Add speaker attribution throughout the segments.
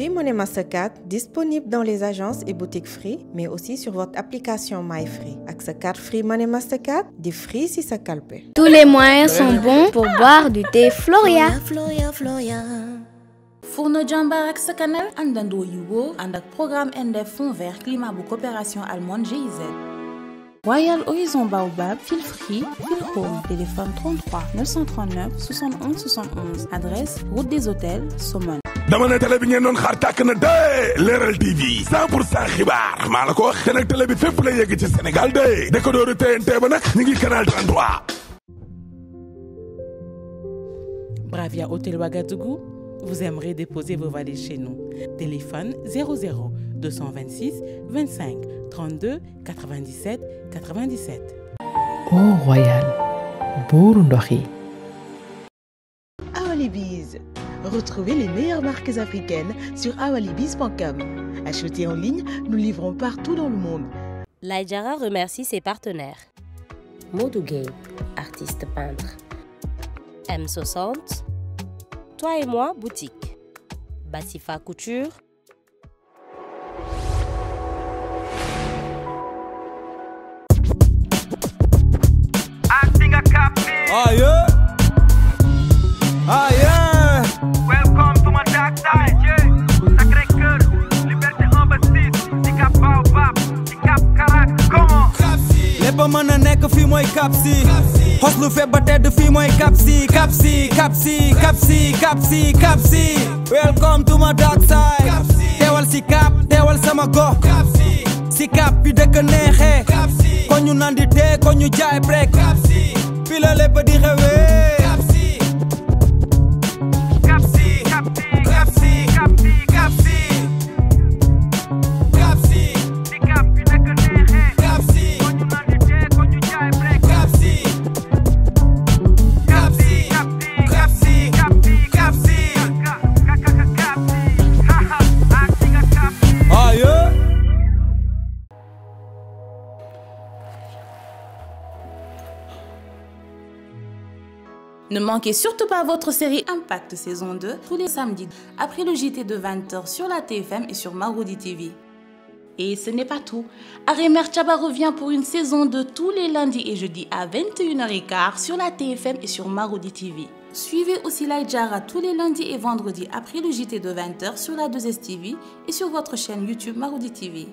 Speaker 1: Free Money Mastercard disponible dans les agences et boutiques Free, mais aussi sur votre application MyFree. Avec sa Free Money Mastercard, des Free si ça calpe. Tous les moyens sont
Speaker 2: bons pour boire du thé Floria. Floria, Floria. fourneau jambar canal, and programme NDF Fonds vert climat pour coopération allemande GIZ Royal Horizon Baobab fil free home téléphone 33 939 71 71 adresse route des hôtels saumon
Speaker 3: dama ne télé bi ngeen doon xaar tàkk na de Leral TV 100 pour cent xibaar maa la ko wax te nag télé bi fépp la yegg
Speaker 4: ci Sénégal de da dooru TNT ba nag ñu ngi canal 33
Speaker 5: Bravia Hôtel Ouagadougou vous aimerez déposer vos valises chez nous téléphone 00 226 25 32 97 97 Au Royal buuru Ah, les bises! Retrouvez les meilleures marques africaines
Speaker 2: sur awalibis.com. Achetez en ligne, nous livrons partout dans le monde. Laïdjara remercie ses partenaires. Modougay, artiste peintre. M60. Toi et moi, boutique. Basifa Couture.
Speaker 4: mën a nekk fi mooy Cap Sud xoslu feeb ba tedd fii mooy Cap Sud Cap Sud Cap Sud Cap Sud Cap Sud Cap teewal si Cap teewal sama go si Cap bi dëkk neexee ko ñu tee ko jaay brek fii la lépp di
Speaker 2: Ne manquez surtout pas votre série Impact saison 2 tous les samedis après le JT de 20h sur la TFM et sur Maroudi TV. Et ce n'est pas tout. Arémer Chaba revient pour une saison 2 tous les lundis et jeudis à 21h15 sur la TFM et sur Maroudi TV. Suivez aussi Jara tous les lundis et vendredis après le JT de 20h sur la 2 s TV et sur votre chaîne YouTube Maroudi TV.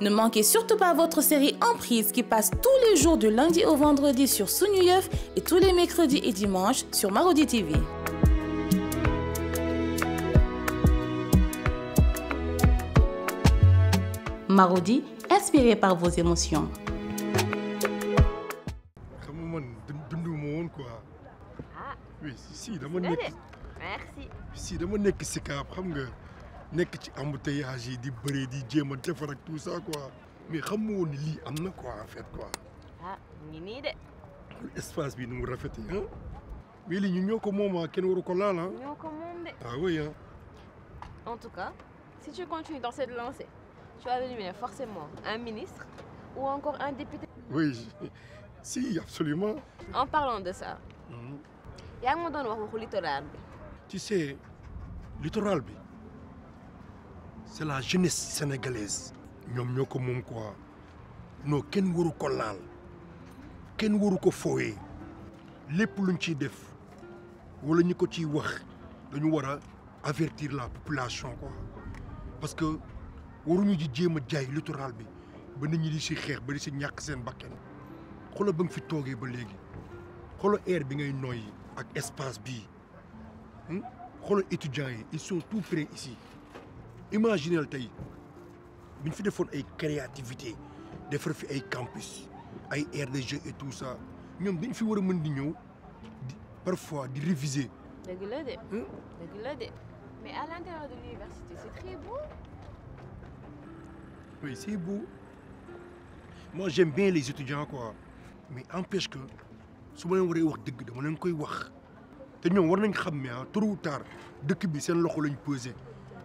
Speaker 2: Ne manquez surtout pas votre série Emprise qui passe tous les jours de lundi au vendredi sur Sunuyef et tous les mercredis et dimanches sur Marodi TV. Marodi, inspiré par vos émotions.
Speaker 3: Ah. Merci nek ci embouteillage di bëri di jéem defar ak tout ça quoi mais xam il y a quoi en fait quoi.
Speaker 1: ah ni ni de.
Speaker 3: espace bi ni mu hein. mais lii ñu ñoko moma ah, ken waru ko laal ah. ñoo ko de. ah oui hein.
Speaker 1: en tout cas si tu continues dans cette lancée tu vas devenir forcément un ministre ou encore un député.
Speaker 3: oui si absolument.
Speaker 1: en parlant de ça.
Speaker 3: Mm-hmm.
Speaker 1: yaa ngi ma doon wax waxu littoral bi.
Speaker 3: tu sais littoral bi c'est la jeunesse sénégalaise que ñoo ko quoi non faire waru ko laal kenn ko def avertir la population parce que waruñu di jéem a jaay littoral bi ba nit ñi di ba di air ak hmm? étudiants ils sont tout prêts ici imaginez le bu créativité campus des R.D.G et tout ça Nous parfois réviser.
Speaker 1: Hein? mais à l'intérieur de l'université c'est très beau.
Speaker 3: oui c'est beau moi j'aime bien les étudiants quoi mais empêche que si on des gens koy tard bi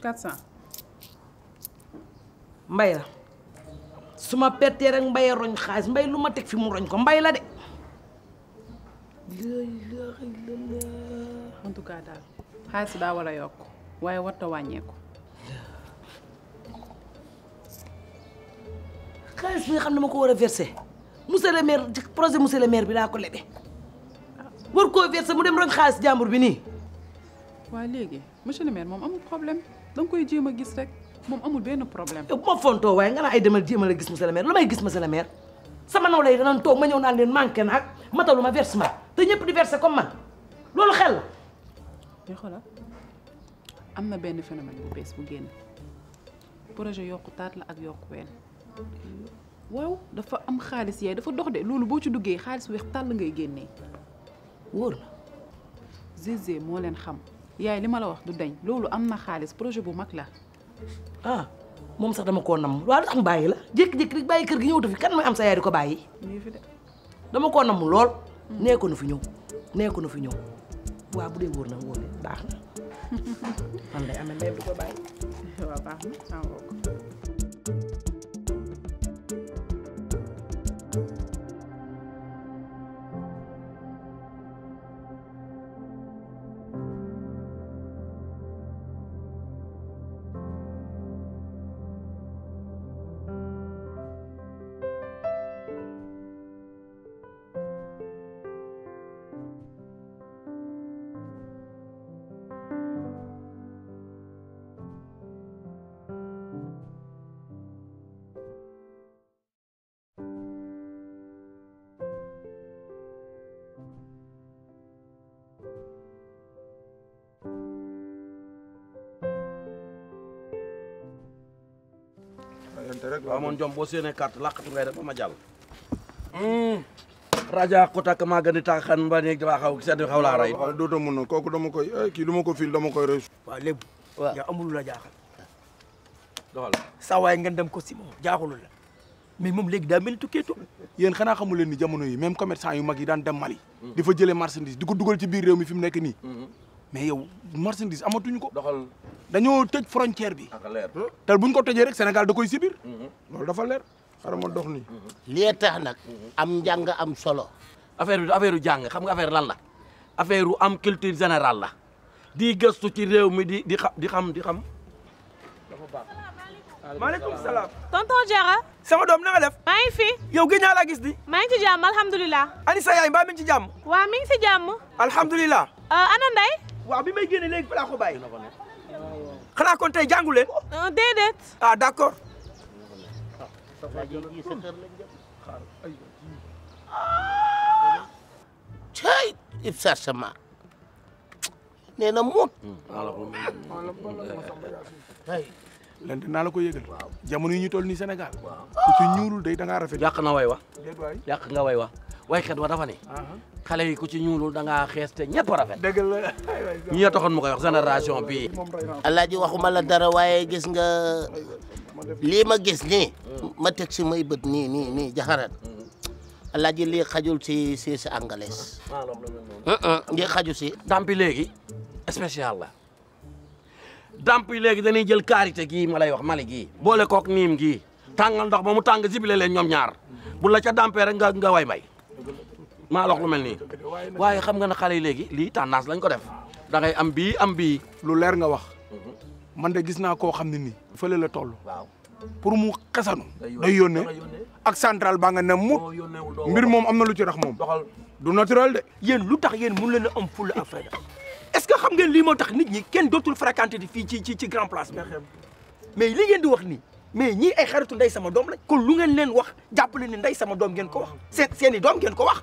Speaker 2: 400.
Speaker 5: mbay la su ma pertee rek mbaye roñ xaalis mbay lu ma teg fi mu roñ ko mbay la de. en tout cas daal xaalis daa war a yokk waaye warut a wàññeeku. xaalis bi nga xam ne ma ko war a versé monsieur le maire projet monsieur le maire bi laa ko lebe war koo versé mu dem roñ xaalis jàmbur bi nii. waaw léegi monsieur le maire moom amul problème. da nga koy jéem a gis rek moom amul benn problème. bu ma fontoo waaye nga naa ay demal jéem a gis monsieur le maire lu may gis monsieur le maire sama nawle yi toog ma ñëw naan leen manqué na ak matalu ma versement te ñëpp di versé comme man loolu xel la. te am na benn phénomène bu bu génn projet yokku taat la ak yokku ween dafa am xaalis yaay dafa dox de loolu boo ci duggee xaalis weex tàll ngay génnee wóor na. Zézé moo leen xam. yaay li ma la wax du dañ loolu am na xaalis projet bu mag la. ah moom sax dama koo nam waaw lu tax mu bàyyi la jékki-jékki rek bàyyi kër gi ñëwatu fi kan mooy am sa yaay di ko bàyyi. dama koo nam lool. Mm. nee ko nu fi ñëw nee ko nu fi ñëw waa bu dee wóor na wóor baax na man lay amee na
Speaker 4: rek waaw man jom boo séenee ba raja kota kemaaga di ba nekk damaa xaw sedd xaw laa rey. waaw dootoo mun dama koy kii dama ko fil dama koy rey. waaw léegi. waaw amul la jaaxal. doxal saa waay ngeen dem ko si moom la mais moom léegi daa mel ni jamono yi commerçant yu mag yi dem Mali. di fa jëlee marchandise di ko dugal ci biir réew mi fi mu nekk hmm. mais yow marchandise amatuñu ko. dañoo tëj frontière bi. Hmm? te buñ ko tëjee rek Sénégal da koy sibir hmm. loolu dafa leer xaaral ma dox nii. Hmm. lii tax nag am njàng am solo. affaire bi affaire jàng xam nga affaire lan la affaire am culture générale la di gëstu ci réew mi di di xam di xam. dafa baax.
Speaker 5: maaleykum sama doom na nga def. maa ngi yow gëj naa laa gis di. maa ngi ci jàmm alhamdulilah. ani sa yaay mbaa mi ngi ci jàmm. waaw mi ngi ci euh, bi may génne léegi balaa bàyyi. xanaa kon tey jàngu leen. ah déedéet.
Speaker 4: ah d' accord. cey Sama nee na moot. len naa la ko yëgal jamono yi ñu tol nii Sénégal ku ci ñuulul day da ngaa rafet yàq na way wa yàq nga way wa waykat wa dafa ne uh-huh. xale yi ku ci ñuulul danga ngaa te ñëpp rafet. dëgg la ñi ñoo taxoon mu koy wax génération bii. alaaji waxuma la dara waaye gis nga lii ma gis nii. ma teg si may bët nii nii nii jaxarat alaaji lii xajul si si si anglaise. Ah, ah. lii xaju si. dampi léegi spécial la dampi léegi dañuy jël karité gii ma lay wax mali gii. boole kook niim gi tàngal ndox ba mu tàng zibile leen ñoom ñaar bu la ca dampee rek nga nga way bay. Ma lox lu melni waye xam nga na xalé yi li lii lañ ko def da ngay am bi am bi lu leer nga wax man de gis na ko xamni ni fele la tollu pour mu xesanu day yone ak central ba nga ne mut mbir mom amna lu ci rax mom du naturel de yeen lu tax yéen leen am full ak est-ce que xam ngeen li moo tax nit ñi ken dotul fréquenté di ci ci grand place mais mais li ngeen di wax ni mais ñi ay xaritu ndey sama dom la ko lu ngeen leen wax jàppale ni ndey sama dom ngeen ko wax seen seen ngeen ko wax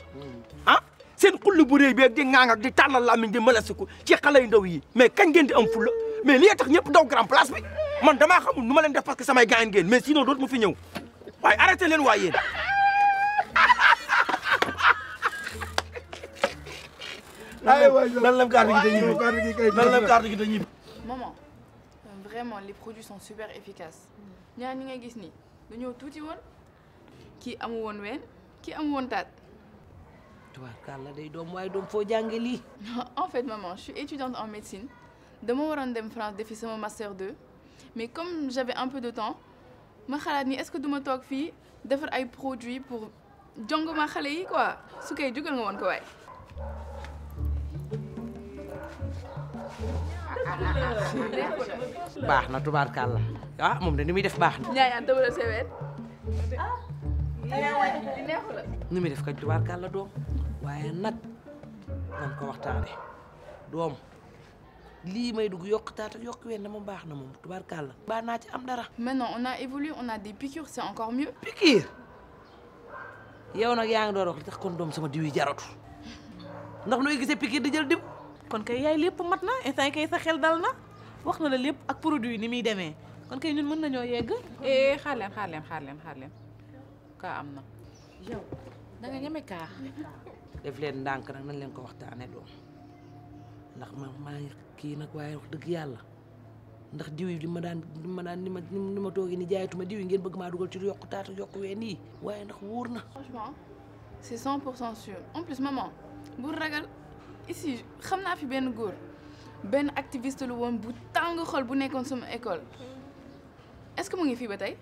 Speaker 4: sen xull bu réy bi ak di ŋaang ak di talal lamine di mëlasiku ci xale ndaw yi mais kañ ngeen di am fulla mais li tax ñëpp daw grand place bi man dama xamul numa leen def parce que samay gaay ngeen mais sinon doot mu fi ñew way arrêté leen waay yéen nan lam carte gi te ñibbi nan lam carte gi te ñibbi
Speaker 6: maman vraiment les produits sont super efficaces ñaar ñi ngay gis ni dañoo tuuti won ki amu won ween ki amu won taat
Speaker 5: tubaarkàlla day doom waaye doom foo jànge lii.
Speaker 6: en fait maman je suis étudiante en médecine dama waroon dem France defi sama master 2 mais comme j'avais un peu de temps ma xalaat est-ce que duma toog de faire ay produits pour jongoma xale yi quoi su koy jugal nga woon ko waay. baax
Speaker 5: na tubaarkàlla ah moom de ni muy def baax na.
Speaker 6: ñaar ñaar dawal sa ah. neexu la.
Speaker 5: ni muy def kay tubaarkàlla doom waaye nak nan ko waxtane dom li may dug yokk taat ak yokk ween dama baax mom moom tubaarkàlla. baax naa ci am dara. maintenant on a évolué on a des piqûres c'est encore mieux. piqûre yow nak yaa ngi doon wax li tax kon dom sama diwi yi jaratu ndax noy gisee piqûre di jël dim kon kay yaay lepp matna instant kay sa xel dal na wax la lepp ak produit ni mi démé kon kay ñun mën nañoo yegg. eh xaar leen xaar leen ka amna xaar yow da nga ñeme ka def leen ndànk nag nañ leen ko waxtaanee doom ndax ma maa ngi kii nag waaye wax dëgg yàlla ndax diw yi li ma daan li ma daan ni ma ni ma toogee ni ma diw yi ngeen bëgg maa dugal ci yokku taatu yokku ween yi waaye ndax wóor na. franchement c'est 100 pour cent sûr en plus maman bu ragal ici xam naa fi benn góor
Speaker 6: benn activiste lu woon bu tàng xol bu nekkoon sama école est-ce mu ngi fii ba tey.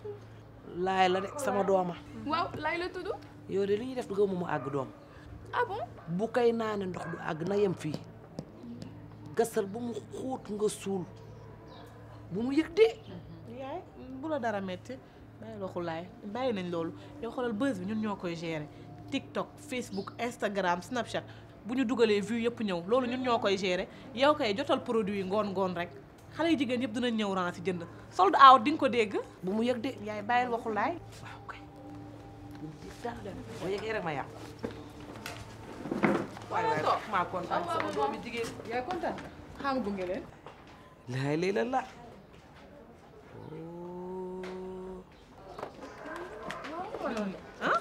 Speaker 5: laay la de sama dooma.
Speaker 6: waaw laay la tudd.
Speaker 5: yow de li ñuy def du gëmu mu àgg doom. ah bu kay naane ndox du àgg na yem fii gasal bu mu xóot nga suul bu mu yëg de. yaay bu la dara metti bàyyi waxu laay bàyyi nañ loolu yow xoolal buzz bi ñun ñoo koy gérer TikTok Facebook Instagram Snapchat bu ñu dugalee view yëpp ñëw loolu ñun ñoo koy gérer yow kay jotal produit yi ngoon ngoon rek xale yu jigéen yëpp dinañ ñëw ran si jënd sold out di ko dégg. bu mu yëg de. yaay bàyyil waxu laay. waay waay maa kontaan sama doomi jigéen yaa kontaan xaam gunge leen laay lay la la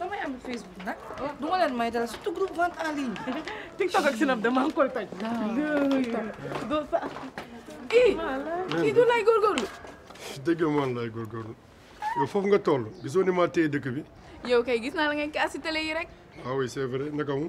Speaker 5: damay am Facebook nag du ma leen may dara surtout groupe vente en ligne TikTok ak Snap dama koy toj doo sa kii kii du lay góorgóorlu
Speaker 3: dëgg moom lay góorgóorlu yow foofu nga toll gisoo ni maa téye dëkk bi
Speaker 6: yow kay gis naa la ngay kaas si télé yi rek
Speaker 3: ah oui c'est vrai naka mu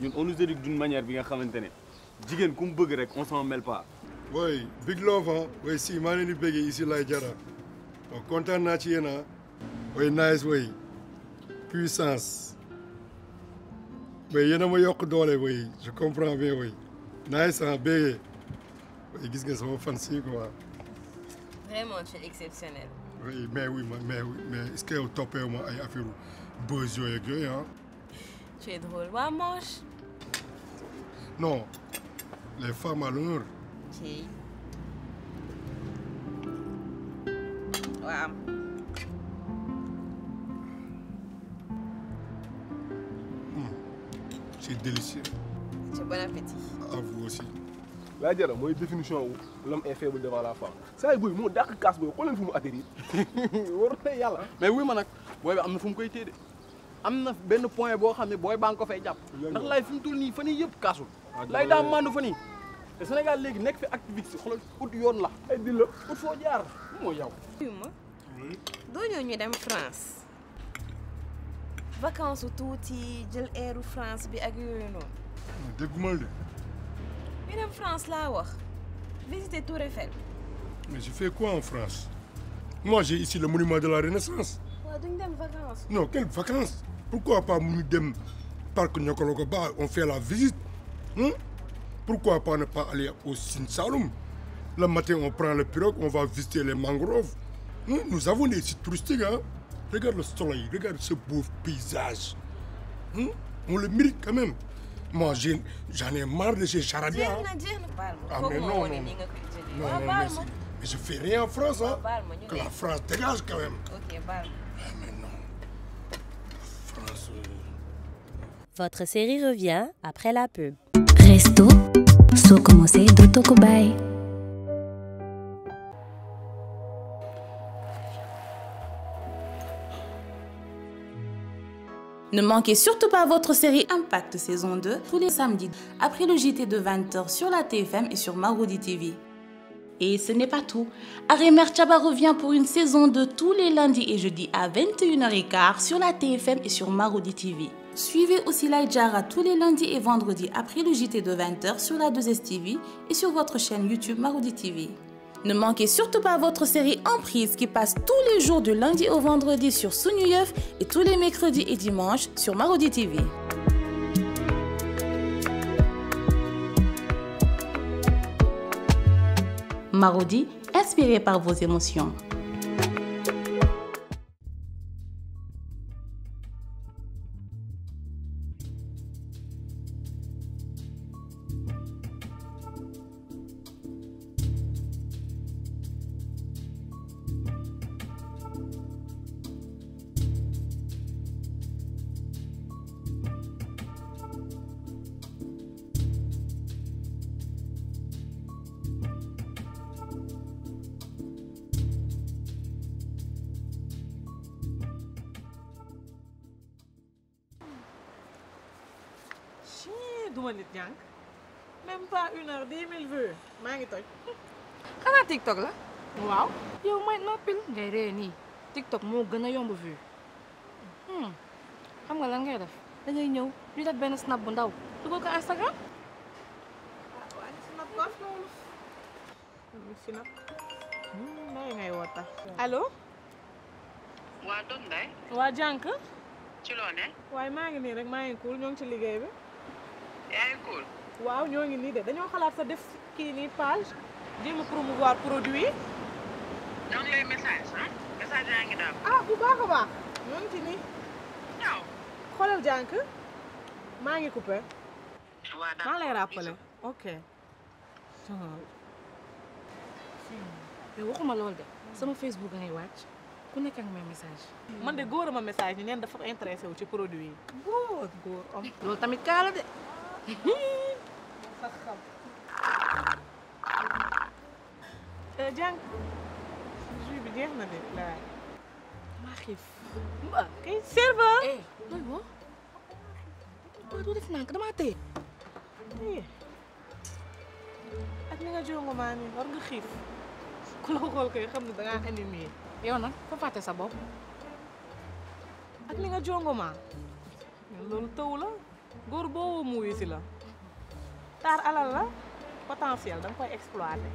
Speaker 4: ñun on nous éduque d'une manière bi nga xamante ne jigéen bëgg rek on s'en mêle pas.
Speaker 3: oui big love hein. Ah. oui si mané ni di ici Laye jara. On oh, kontaan naa ci ah. oui nice oui puissance mais en a moyen que d'aller oui je comprends bien oui nice ah bëggee oui gis nga sama fan si quoi.
Speaker 1: vraiment c'est exceptionnel.
Speaker 3: oui mais oui mais oui, mais est-ce que yow moi il ay affaires buzz yooyu ak yooyu hein.
Speaker 1: Tu es drôle, moche.
Speaker 3: Non, les femmes à l'honneur.
Speaker 1: Hmm.
Speaker 3: C'est délicieux.
Speaker 4: C'est bon appétit. À vous aussi. La moi, définition l'homme est faible devant la femme. Ça, mon dark casse, Mais oui, manak, on me amna na benn point bo xamné boy bang ko fay japp ndax lay fi mu ni nii fan kasul ah, lay da laay daa mandu fan yii te Sénégal léegi nekk fi activiste xoolal ut yoon la ay di la ut jaar mo yaw ma
Speaker 1: doo ñu dem France vacances touti jël airu France bi ak yooyu noonu déggumal de ñu dem France la wax visiter Tour Eiffel
Speaker 3: mais je fais quoi en France moi j'ai ici le monument de la Renaissance
Speaker 1: waaw duñ dem vacances
Speaker 3: non quelles vacances pourquoi pas nous ñu dem parc on fait la visite hein? pourquoi pas ne pas aller au Sin Saloum le matin on prend le pirogue on va visiter les mangroves hein? nous avons des sites touristiques hein? regarde le soleil regarde ce beau paysage hein? on le mérite quand même moi j'en ai, marre de ces charabia hein?
Speaker 1: ah mais non non ah, mais,
Speaker 3: je fais rien en France hein ah, que la France dégage quand même
Speaker 2: Votre série revient après la pub. Resto, so Ne manquez surtout pas votre série Impact saison 2 tous les samedis après le JT de 20h sur la TFM et sur Maroudi TV. Et ce n'est pas tout. Arémer Chaba revient pour une saison 2 tous les lundis et jeudis à 21h15 sur la TFM et sur Maroudi TV. Suivez aussi Jara tous les lundis et vendredis après le JT de 20h sur la 2 TV et sur votre chaîne YouTube Marodi TV. Ne manquez surtout pas votre série Emprise qui passe tous les jours du lundi au vendredi sur Sunuyef et tous les mercredis et dimanches sur Marodi TV. Marodi, inspiré par vos émotions.
Speaker 5: ma nit ñànk même pas une heure dix mille vues ngi toj tiktok la Wow, yow may noppil ngay ree er tiktok mo gëna yomb yomb Hmm, xam nga lan ngay def da ngay ñëw ñu def ben snap bu ndaw dugal ko instagram waaye snap ko loolu snap nday ngay wota allo waa Doudou Nday waa Wajang? ci loo ne waaye maa ngi nii rek maa ngi kuul ñoo ci liggéey bi waaw ñoo ngi nii de dañoo xalaat sa def kii nii page jéem a promouvoir produit. Ah? ah bu baax baax ñoo ngi ci nii. waaw. maa ngi coupé. waaw maa lay rappelé ok. yow waxuma loolu de sama Facebook ngay wàcc ku nekk ak may message. man de góor ma message ñu neen dafa intéressé wu ci produit yi. góor góor am. tamit kaala de. mufakam jàng jus bi jeex na de laay maa xiif mbaa kay serveur eh, loolu moo waa doo def nànk damaa téye téye ak ni nga jongomaa ni war nga xiif ku la xool xam ne dangaa animé yow nag sa bopp ak ni nga jongomaa loolu taw góor boo woo mu wuyu la taar alal la potentiel da koy exploité.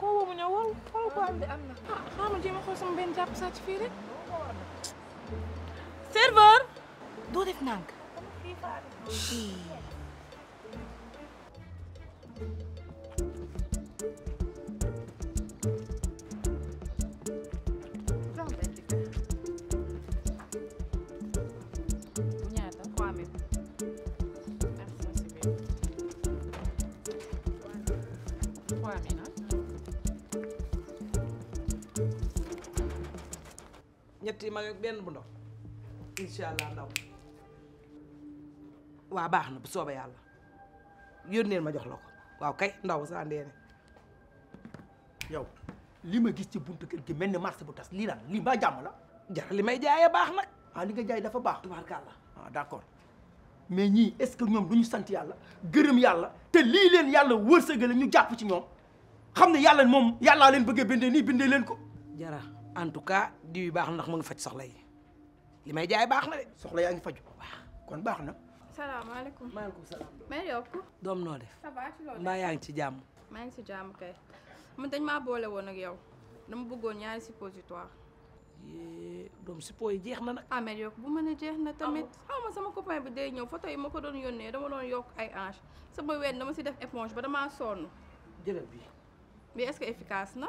Speaker 5: koo woo ñëw wol wol ko ah, a xool sama benn jàpp sàcc fii rek.
Speaker 2: serveur. doo def nànk.
Speaker 5: ñetti mag ak benn bu ndox inshallah ndaw wa baxna bu soba yalla yónneel ma jox lako ko kay ndaw sa ndene yow
Speaker 4: li ma gis ci buntu keur gi melni marché bu tass li daal li mbaa jàmm la jar li may jaayee baax nag ah li nga jaay dafa baax tubaarkàlla ah d'accord mais ñi est-ce que ñom duñu sante yalla ya yàlla yalla te li leen yalla wërsegal ñu japp ci ñom xamne yalla mom yalla leen bëgge bindee ni bindee leen ko
Speaker 5: jara en tout cas diw yi baax na ndax mu ngi faj soxla yi li may jaay baax na de soxla yaa ngi faju baax kon baax na
Speaker 6: salaamaaleykum maaleykum salaam mais yokk doom noo def ça va ci loolu mbaa yaa ngi ci jàmm maa ngi ci jàmm kay man dañ maa boole woon ak yow dama bëggoon ñaari suppositoire yee doom suppo yi jeex na nag ah mais yokk bu mën a jeex na tamit xaw ma sama copain bi day ñëw photo yi ma ko doon yónnee dama doon yokk ay hanche sama ween dama si def éponge ba damaa sonn jëlal bi mais est-ce que efficace na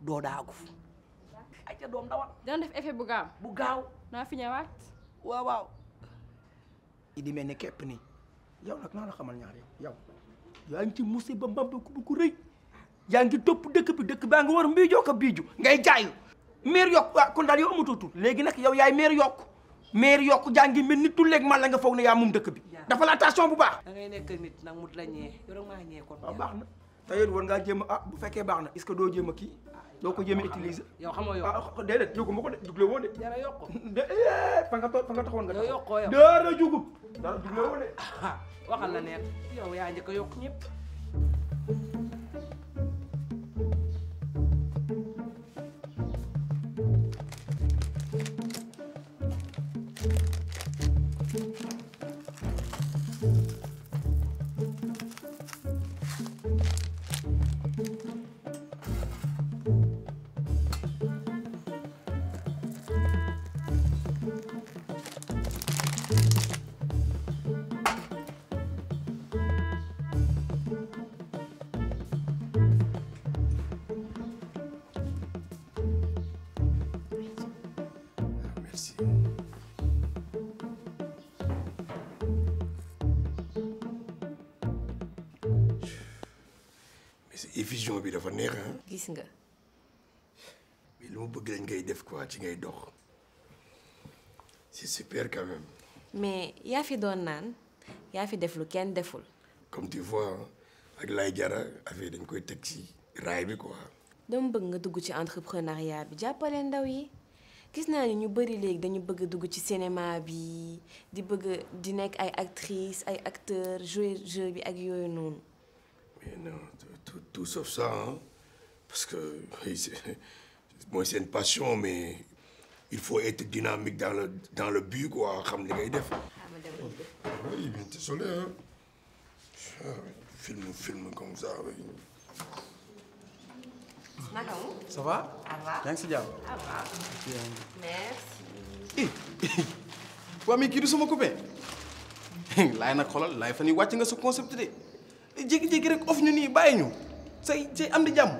Speaker 5: doo daagu. ay ca doom dawal. dana def effet bu gaam bu gaaw naa fi ñëwaat. waaw waaw.
Speaker 4: idi mel ni képp nii yow nag naa la xamal ñaar yow yaa ngi ci musiba mbamb bu ku rëy yaa ngi topp dëkk bi dëkk baa ngi war mbii jokk a biiju ngay jaay meer yokk waaw kon daal yow amatootul léegi nag yow yaay meer yokk meer yokk jaa ngi mel ni tulleeg man la nga foog ne yaa moom dëkk bi dafa la attention bu baax da ngay
Speaker 5: nekk nit nag mut la ñee yow rek maa baax na
Speaker 4: tayet war ngaa jéem a ah, bu fekkee baax na est que doo jéem a kii ah. doo ko jéem a utiliser. yow xamoo yokk ah déedéet yëguma ko de dugle woo de. dara yokk de
Speaker 5: eh, fa nga fa nga taxoon nga. yow yokkoo yow dara jugub. dara dugle woo de. waxal la yow yaa njëkk a yokk ñëpp.
Speaker 6: Mais
Speaker 3: c'est... effusion bi dafa neex ah. gis nga. mais lu mu bëgg lañ ngay def quoi ci ngay dox c'est super quand même.
Speaker 1: mais yaa fi doon naan yaa fi def lu kenn deful.
Speaker 3: comme tu vois hein, ak lay jara affaire dañ koy teg ci raay bi quoi.
Speaker 1: dama bëgg nga dugg ci entrepreneuriat bi jàppale ndaw yi gis naa ni ñu bëri léegi dañu bëgg dugg ci cinéma bi di bëgg di nekk ay actrices ay acteurs jouer jeu bi ak yooyu noonu. mais non tout
Speaker 3: tout sauf ça hein parce que c'est une passion mais il faut être dynamique dans le dans le but quoi xam li ngay def. oui bien hein. Ah, film film comme ça.
Speaker 1: naka mu. ça va. yaa ngi si jàmm. merci. waa eh,
Speaker 4: eh, eh. mais kii du sama copain. laay nag xoolal laay fan yii wàcc nga sa concept de jékki-jékki rek of ñu nii bàyyi ñu say say am di jàmm.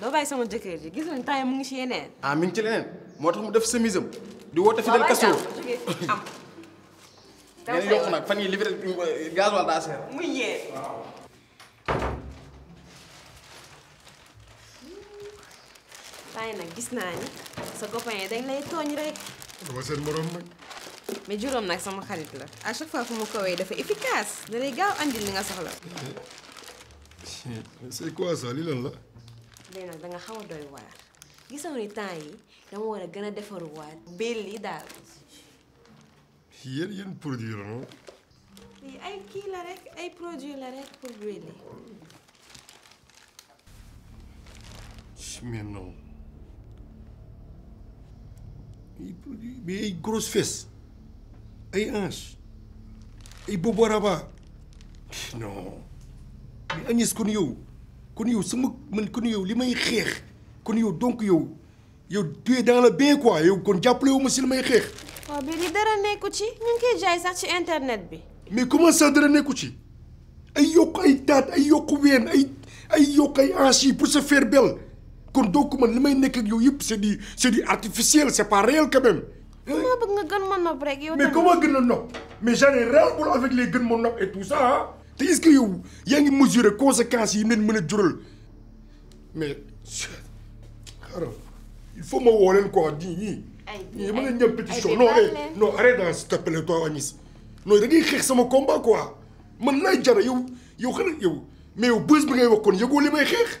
Speaker 4: doo
Speaker 1: bàyyi sama jëkkër ji gis nga temps mu ngi si yeneen.
Speaker 4: ah mi ngi ci leneen moo tax di woote fidèle Castro
Speaker 1: am.
Speaker 4: ngeen yokk nag fan yii livré
Speaker 1: temps nag gis naa ni sa copain yi dañ lay tooñ dama juróom nag sama xarit la à dafa efficace li nga soxla.
Speaker 3: Eh, c'est quoi ça li lan
Speaker 1: xaw a doy yi dama war a gën a defaruwaat. béel yi daal.
Speaker 3: yéen yéen produit la non.
Speaker 1: ay kii la rek ay produit la rek pour béel yi.
Speaker 3: e Grossfest, e Anche, e Bobarabá. Não. Anhas conheceu. Conheceu, se me conheceu, lhe me rir. Conheceu, donc eu. Eu dei dela bem, quoi. Eu, quando já uma mas ele me rir.
Speaker 1: Oh, Beridara Nekuchi, ninguém já está internet, bem.
Speaker 3: Me começa a dar Nekuchi. Aí eu caí, tá, aí eu comi, aí eu caí, assim, por ser ferbel. kon doo ko mën li may nekk ak yow yëpp c'est du c'est du artificiel c'est pas réel quand même.
Speaker 1: dama nga gën ma nopp rek yow. mais comment gën
Speaker 3: a nopp mais j'en ai rien pour gën ma nopp et tout ça ah. te est-ce que yow yaa ngi mesurer conséquences yi leen mën a jural mais xaaral il faut ma woo leen quoi di ñii. ay ay mën nañu ñëw pétition non non arrête ah s'il te plaît toi Anis non da ngay xeex sama combat quoi man laay jara yow yow yow mais yow bés ngay wax kon yëgoo li may xeex.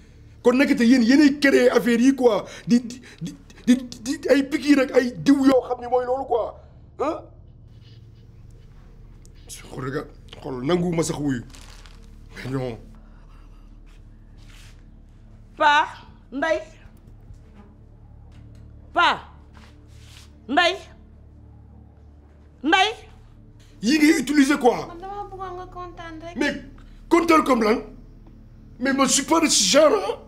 Speaker 3: kon nag te yéen yéenay créer affaire yi quoi di di ay rek ay diw quoi hein? nangu ma sax wuyu mais non.
Speaker 5: Pa Ndey Pa Ndey yi ngay utiliser quoi.
Speaker 3: mais comme lan mais je suis pas de ce genre hein.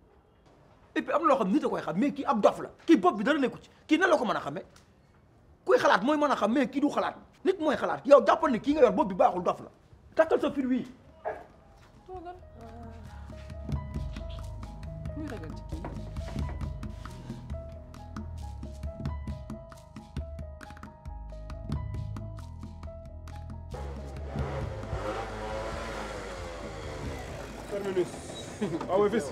Speaker 4: et puis am xam nit a xam mais ont ab dof la ki bop bi dara nekku ci ki na la ko meuna a kuy xalaat qui ont xam mais ki du xalaat nit moy xalaat yow ne ki nga yor bop bi baxul dof la takal sa fil ah. ci terminus. Ah ouais, fils.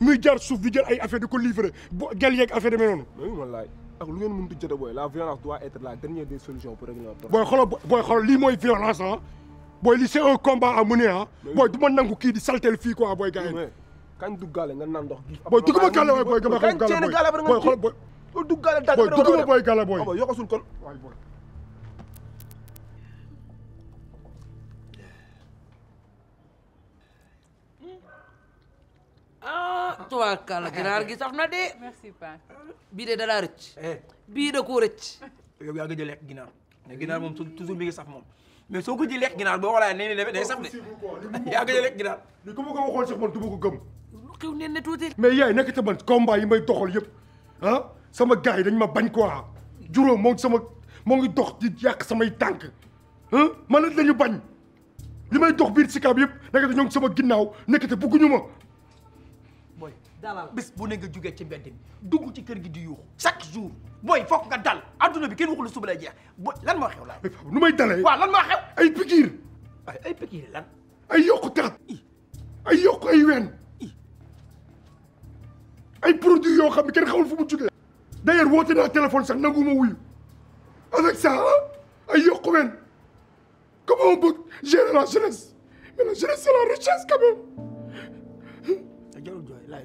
Speaker 3: muy jaar suuf di jël ay affaire di ko livré bu gal yeeg affaire demee noonu. loolu wallaay ak lu ngeen mënut a jotee booy la violence doit être la dernière des solutions pour régler le problème. booy xoolal boy xoolal lii mooy violence hein. Boy li c'est un combat à mener hein. Boy du ma nangu kii di saltel fii quoi boy gars yi. kañ dugg gàlle nga naan ndox. booy dugguma gàlle waay booy Boy xam gàlle booy booy xool boy booy boy. booy gàlle booy. yokosul kon
Speaker 5: waay booy. ah, ah. tubaarkàlla ah, ginaar gi sax na de. merci Pa. bii de dalaa rëcc. Eh. bii da koo rëcc.
Speaker 4: yow yaa ngi jël lekk ginaar ne ginaar moom toujours mi ngi saf moom mais soo ko ji lekk ginaar boo ko laajee nee na day saf de yaa ku ko ko gëm.
Speaker 5: lu xew nee mais yaay
Speaker 3: nekk te man combat yi may doxal yëpp ah sama gars yi dañ ma bañ quoi juróom moo sama moo ngi dox di yàq samay tànk ma ah, man lañu bañ li may dox biir Sicap yëpp nekk te ñoo ngi sama ginnaaw nekk te bëgguñu ma.
Speaker 5: dalal
Speaker 4: bés bu ne nga jugee ci mbedd mi dugg ci kër gi di yuuxu chaque jour fokk nga dal adduna bi kenn waxul suba lay jeex bo lan moo xew la nu may dalee waaw lan moo ay pikiir ay lan ay yokku taat ay yokku ay ween
Speaker 3: ay produits yoo xam ne kenn xamul fu mu jugee d'ailleurs woote naa téléphone sax nangu ma wuyu avec ah, ay yokku ween comment on peut gérer la jeunesse mais la jeunesse c'est la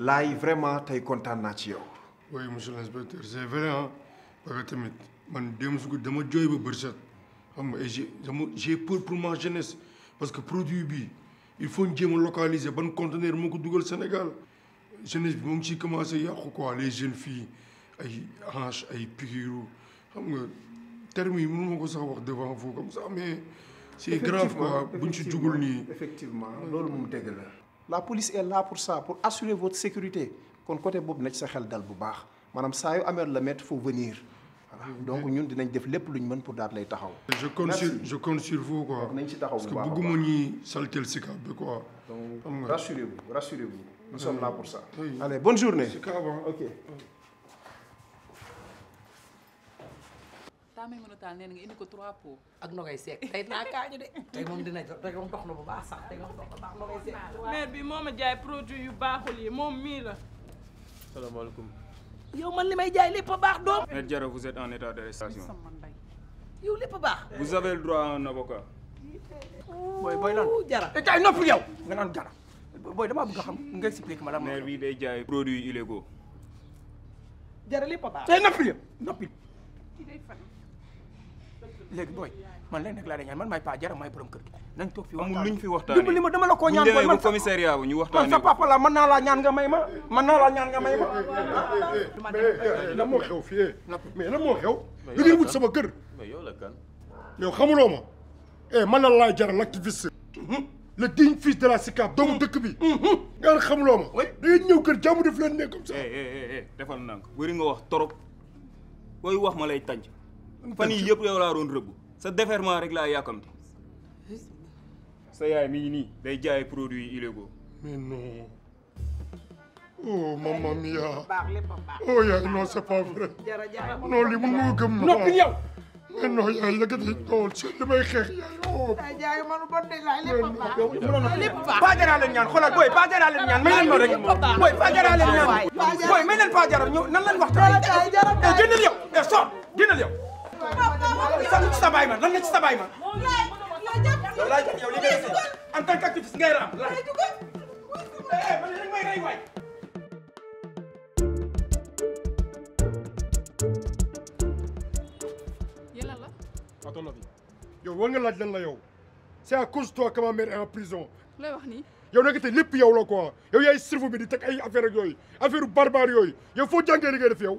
Speaker 4: laay vraiment tay kontaan naa ci yow.
Speaker 3: oui monsieur l'inspecteur c'est vrai hein parce que tamit man dem su guddi dama jooy ba bërsët xam nga j'ai j'ai peur pour ma jeunesse parce que produit bi il faut ñu localiser ban conteneur moko ko Sénégal jeunesse bi mu ngi commencé yàqu quoi les jeunes filles ay hanche ay piqûres xam nga terme yi mënu ko sax wax devant vous comme ça mais. c'est grave quoi buñ ci jugul ni effectivement loolu moom dëgg la
Speaker 4: la police est là pour ça pour assurer votre sécurité kon côté Bob, na ci sa xel dal bu baax maanaam saa yu la faut venir voilà mm-hmm. donc ñun dinañ def lépp lu mën pour daal lay taxaw. je compte sur
Speaker 3: je sur vous quoi. bu baax parce que bëgguma saltel Sicap bi quoi. donc rassurez-vous rassurez-vous nous mm. sommes là pour ça. allez bonne journée. Hein. ok. Mm.
Speaker 5: daa taal nee na ko trois pots. ak nogay seek tey naa kaaju de. tey moom na bu baax sax tey moom dox bi moo ma jaay produit yu baax yi moom mii la. salaamaaleykum. yow man li may jaay lépp baax doom.
Speaker 4: mère Diarra vous êtes en état d'arrestation.
Speaker 5: yow lépp a baax. vous
Speaker 4: avez le droit à un avocat. booy booy lan Diarra eh, yow nga naan Diarra booy a xam nga expliqué ma la. bi day jaay produits illégaux. Diarra a baax eh, léegi boy man lenn rek laa ñaan man maay pa jara maay borom kër gi nañ toog fi waxtaan amul luñ fi waxtaanee dimbali ma dama la koo ñaan booy man commissariat bu ñu waxtaanee man sa papa la mën naa laa ñaan nga may ma ñaan nga may ma xew mais xew lu wut sama kër mais yow la kan yow ma
Speaker 3: eh man la laa jara l'activiste hmm? le digne fils de la SICAP doomu dëkk bi. nga xamuloo ma. da ngeen ñëw kër jàmm daf leen ne
Speaker 4: comme ça. defal naa wëri nga wax torop wax ma lay fan yii yëpp yow laa doon rëbb sa déferment rek laa yàkkamti sa yaay mi ngi nii day jaay produit illégaux
Speaker 3: mais non oh maman mia oh yaay non c'est pas vrai
Speaker 5: non li mun moo
Speaker 3: gëm na yow mais non yaay yëkkati tool si li
Speaker 4: oh. la lépp baax pa jaraa leen ñaan xoolal booy pa jaraa leen ñaan sax lu ci sa baay ma lan la ci sa baay ma. yow laaj yow li nga def en tant qu'activiste ngay raam laaj.
Speaker 5: Eh, eh man may rey waay.
Speaker 3: à ton avis yow war nga laaj lan la yow c'est à cause toi que ma mère est en prison. looy wax nii. yow nag tey lépp yow la quoi yow yaay cerveau bi di teg ay affaire ak yooyu affaire barbare yooyu yow foo jàngee li ngay def yow.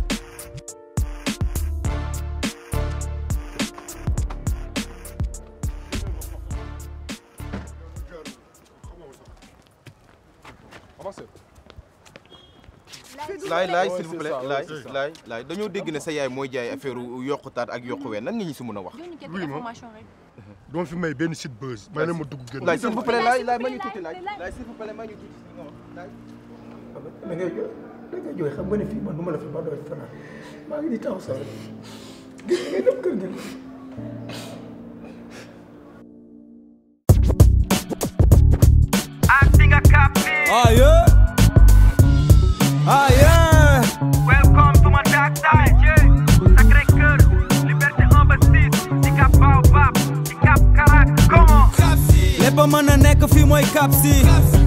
Speaker 3: laay s'il vous plaît laay
Speaker 4: laay laay que à ne sa yaay des jaay affaire yokkutaat ak yokkuwee nan nga ñu si mën a wax. oui fi may
Speaker 3: site buzz. may
Speaker 4: na ma dugg s'il vous plaît laay ma ñu s'il vous plaît ma ñu ngay ne man la fi ba ngi di taw Capsi. Capsi.